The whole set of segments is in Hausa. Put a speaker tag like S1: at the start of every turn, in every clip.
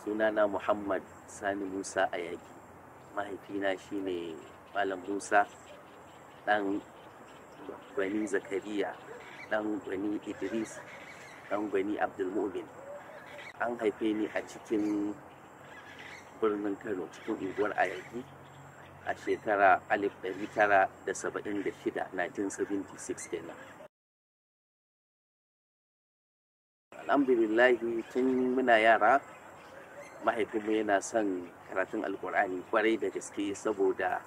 S1: sunana muhammad sani musa a yaki mahaifina shine malam musa dan gwani zakariya dan gwani idris dan gwani abdulmumin an haife ni a cikin birnin kano cikin unguwar ayaki a shekara 1976 1976 kenan alhamdulillahi tun muna yara mahaifinmu yana son karatun alkur'ani kwarai da gaske saboda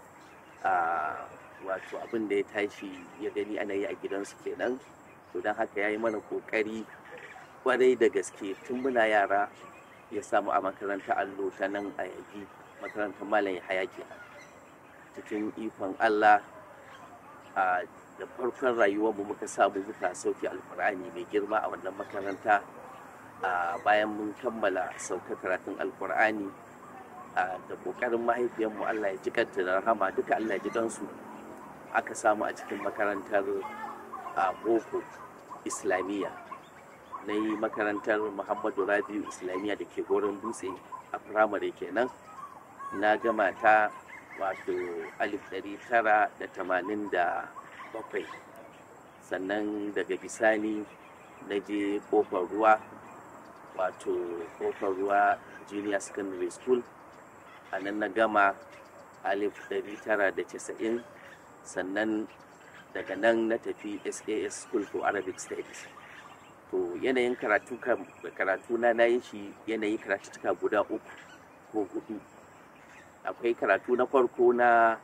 S1: wato abin da ya tashi ya gani ana yi a gidansu kenan to don haka ya yi mana kokari kwarai da gaske tun muna yara ya samu a makaranta allo ta nan a yaji makarantar malam haya kenan cikin ikon allah da farkon mu muka samu muka sauke alkur'ani mai girma a wannan makaranta bayan mun kammala sauka karatun alkur'ani da kokarin mahaifiyarmu allah ya jikanta da rahama duka allah ya ji aka samu a cikin makarantar boko islamiyya na yi makarantar muhammadu rabiu islamiyya da ke goron dutse a firamare kenan na gama ta wato bakwai. sannan daga bisani na je kofar ruwa wato kofar ruwa junior secondary school a nan na gama alif 990 sannan daga nan na tafi sas school for arabic studies to yanayin karatu na na yi shi yanayin cika guda uku ko hudu akwai karatu na farko na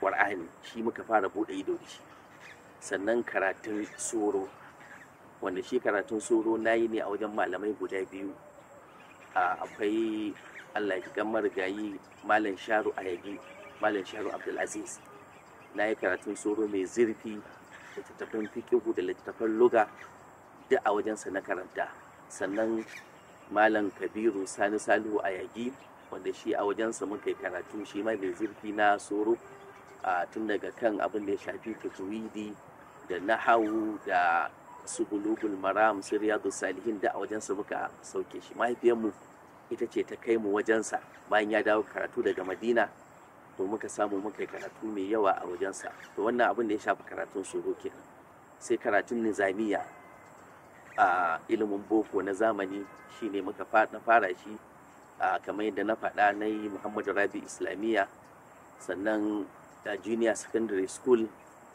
S1: ƙwar'ani shi muka fara buɗe ido shi sannan karatun tsoro wanda shi karatun soro na yi ne a wajen malamai guda biyu akwai allah ya marigayi malam sharu ayagi malam sharu abdulaziz na yi karatun soro mai zurfi littattafan fikihu da littattafan luga duk a wajensa na karanta sannan malam kabiru sani salihu ayagi wanda shi a wajensa muka yi karatu shi ma mai zurfi na soro tun daga kan abin da ya shafi tajwidi da nahawu da su bulugul maram su riyadu salihin da a wajensa muka sauke shi mahaifiyarmu ita ce ta kai mu wajensa bayan ya dawo karatu daga madina to muka samu muka karatu mai yawa a wajensa to wannan abin da ya shafi karatun su roke sai karatun nizamiya a ilimin boko na zamani shine muka fara shi a kamar yadda na faɗa na yi muhammadu rabi islamiyya sannan junior secondary school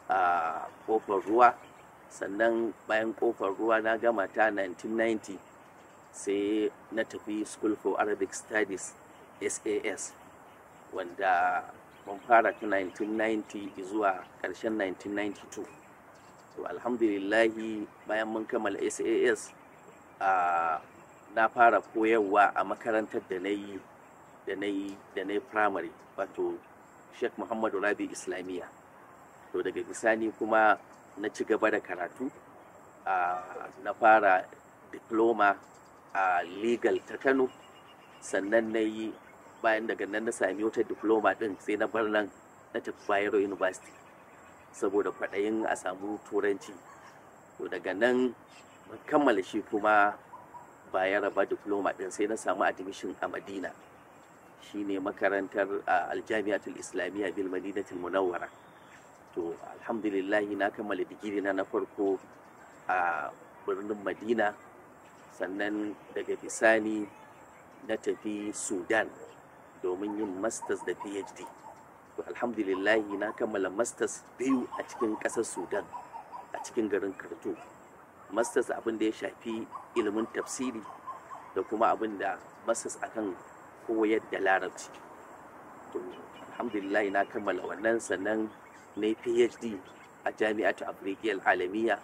S1: a kofar ruwa sannan bayan kofar ruwa na gama ta 1990 sai na tafi school for arabic studies sas wanda mun fara ta 1990 zuwa ƙarshen 1992 to alhamdulillahi bayan mun kammala sas uh, na fara koyarwa a makarantar da na yi da na yi da primary wato sheikh muhammadu rabi islamiyya to daga bisani kuma na ci gaba da karatu na fara diploma a legal ta kano sannan na yi bayan daga nan na sami wata diploma din sai na bar nan na tafi bayero university saboda kwaɗayin a samu turanci to daga nan kammala shi kuma bayero ba diploma din sai na samu admission a madina shine makarantar aljami'atul islamiyya bil madinatul munawwara to alhamdulillahi na kammala digiri na na farko a birnin madina sannan daga bisani na tafi sudan domin yin masters da phd to alhamdulillahi na kammala masters biyu a cikin ƙasar sudan a cikin garin karto masters abin da ya shafi ilimin tafsiri da kuma abin da masters akan koyar da larabci to alhamdulillahi na kammala wannan sannan na phd a jami'a ta afirkiyar alamiya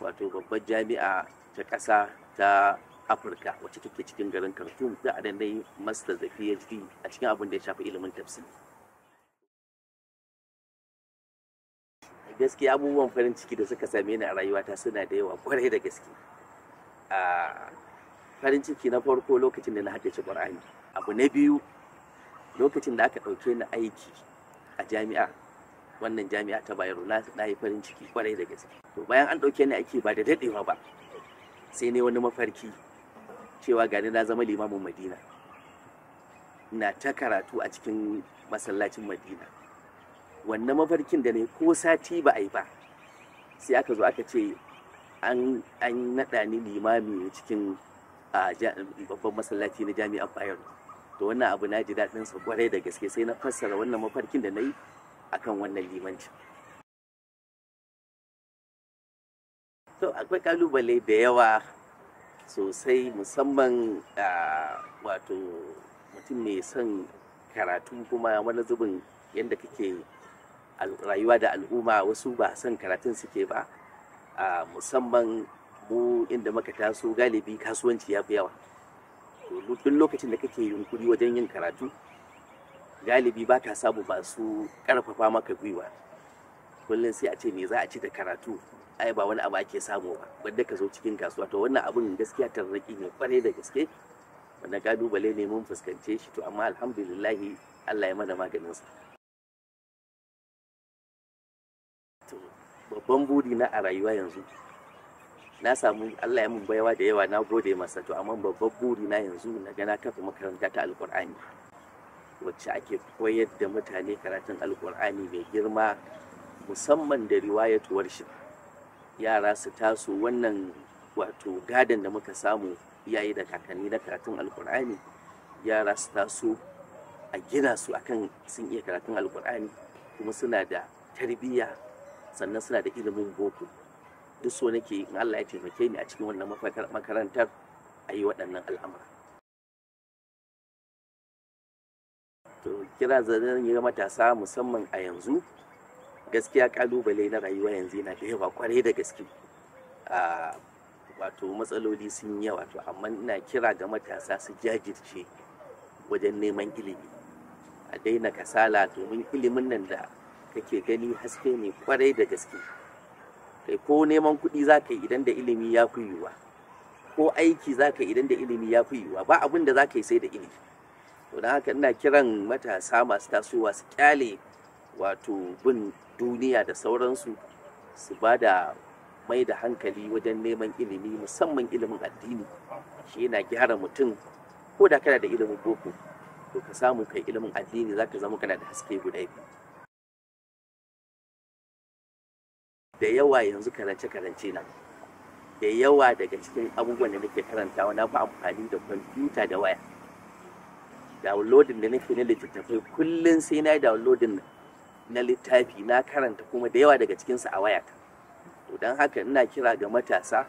S1: wato babbar jami'a ta ƙasa ta afirka wacce take cikin garin khartoum da a na yi master da phd a cikin abin da ya shafi ilimin tafsir. gaskiya abubuwan farin ciki da suka same ni a rayuwata suna da yawa kwarai da gaske farin ciki na farko lokacin da na haddace shi abu na biyu lokacin da aka ɗauke ni aiki a jami'a wannan jami'a ta bayero na yi farin ciki kwarai da gaske to bayan an ɗauke ni aiki ba da daɗewa ba sai ne wani mafarki cewa gani na zama limamin madina na ta karatu a cikin masallacin madina wannan mafarkin da ne ko sati ba a yi ba sai aka zo aka ce an naɗa ni limami cikin babban masallaci na jami'ar bayero to wannan abu na ji daɗinsa kwarai da gaske sai na fassara wannan mafarkin da na yi akan wannan limanci to akwai kalubale da yawa sosai musamman wato mutum mai son karatu kuma wani zubin yadda kake rayuwa da al'umma wasu ba son karatun suke ba musamman mu inda maka taso galibi kasuwanci ya fi yawa duk lokacin da kake yunkuri wajen yin karatu galibi ba ka samu ba su karfafa maka gwiwa kullum sai a ce me za a ci da karatu ai ba wani abu ake samu ba wanda ka zo cikin kasuwa to wannan abun gaskiya tarraki ne kwarai da gaske wanda kalubale ne mun fuskance shi to amma alhamdulillah Allah ya mana maganin sa to babban buri na a rayuwa yanzu na samu Allah ya mun baiwa da yawa na gode masa to amma babban buri na yanzu na ga na kafa makaranta ta alkur'ani wacce ake koyar da mutane karatun alkur'ani mai girma musamman da riwayatuwar shi yara su taso wannan wato gadon da muka samu iyaye da kakanni na karatun alkur'ani yara su taso a gina su akan sun iya karatun alkur'ani kuma suna da tarbiyya sannan suna da ilimin boko duk so nake in Allah ya taimake ni a cikin wannan makarantar a yi waɗannan al'amura kira zanen yi matasa musamman a yanzu gaskiya kalubale na rayuwa yanzu yana da yawa kwarai da gaske wato matsaloli sun yawa to amma ina kira ga matasa su jajirce wajen neman ilimi a daina kasala domin ilimin nan da kake gani haske ne kwarai da gaske kai ko neman kuɗi za ka yi idan da ilimi ya fi yiwuwa ko aiki za ka yi idan da ilimi ya fi yiwuwa ba abin da za ka yi sai da ilimi to don haka ina kiran matasa masu tasowa su kyale wato bin duniya da sauransu su ba da mai da hankali wajen neman ilimi musamman ilimin addini shi yana gyara mutum ko da kana da ilimin boko to ka samu kai ilimin addini zaka zama kana da haske guda biyu da yawa yanzu karance karance na da yawa daga cikin abubuwan da nake karantawa na fi amfani da kwamfuta da waya downloading da nake na littattafai kullum sai na yi downloading na littafi na karanta kuma da yawa daga cikinsa a waya to don haka ina kira ga matasa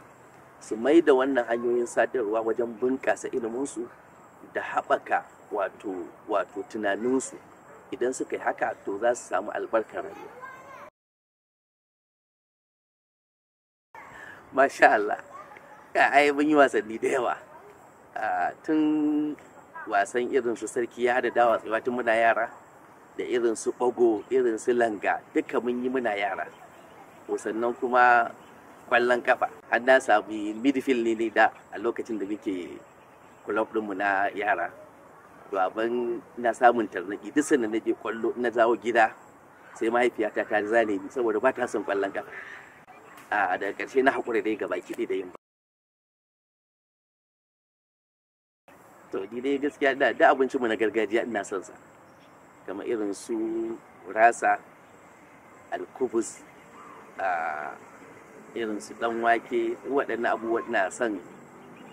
S1: su mai da wannan hanyoyin sadarwa wajen bunƙasa iliminsu da haɓaka wato tunaninsu idan suka yi haka to za su samu albarkar rayuwa masha Allah ai mun yi wasanni da yawa ah, tun wasan irin su sarki ya da dawa tsewa tun muna yara da irin su bago irin su langa duka mun yi muna yara sannan kuma kwallon kafa an na sami midfield ne da a lokacin da muke club mu na yara to abin na samun tarnaki duk sanda na je kwallo na zawo gida sai mahaifiyata ta zane ni saboda ba ta son kwallon kafa a daga karshe na haƙura dai gaba ki da yin to ni dai gaskiya da da abincin mu na gargajiya ina son sa kamar irin su rasa alkubus a irin su dan wake waɗannan abubuwa ina son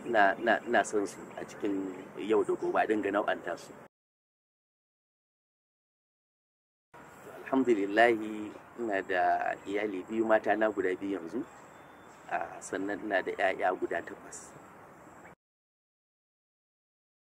S1: na na ina son su a cikin yau da gobe dinga nau'anta su alhamdulillahi ina da iyali biyu mata na guda biyu yanzu sannan ina da 'ya'ya guda takwas